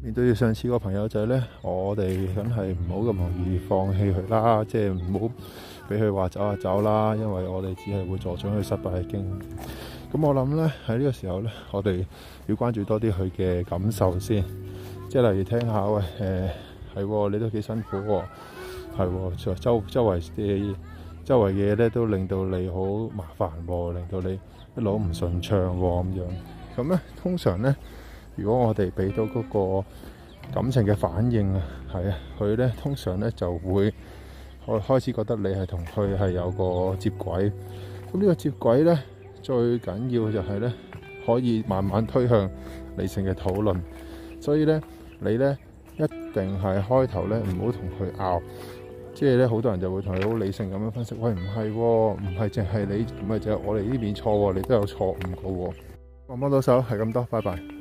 面對住上次個朋友仔咧，我哋梗係唔好咁容易放棄佢啦，即係唔好俾佢話走啊走啦，因為我哋只係會助長佢失敗嘅經驗。咁我諗咧，喺呢個時候咧，我哋要關注多啲佢嘅感受先，即係例如聽下喂，誒係，你都幾辛苦喎、哦，係喎、哦。周周圍嘅周圍嘅嘢咧都令到你好麻煩喎、哦，令到你一路唔順暢喎咁樣。咁咧通常咧。如果我哋俾到嗰個感情嘅反應啊，係啊，佢咧通常咧就會開開始覺得你係同佢係有個接軌。咁呢個接軌咧，最緊要就係咧可以慢慢推向理性嘅討論。所以咧，你咧一定係開頭咧唔好同佢拗，即係咧好多人就會同佢好理性咁樣分析。喂，唔係喎，唔係淨係你，唔係淨係我哋呢邊錯喎，你都有錯誤嘅喎。我摸到手，係咁多，拜拜。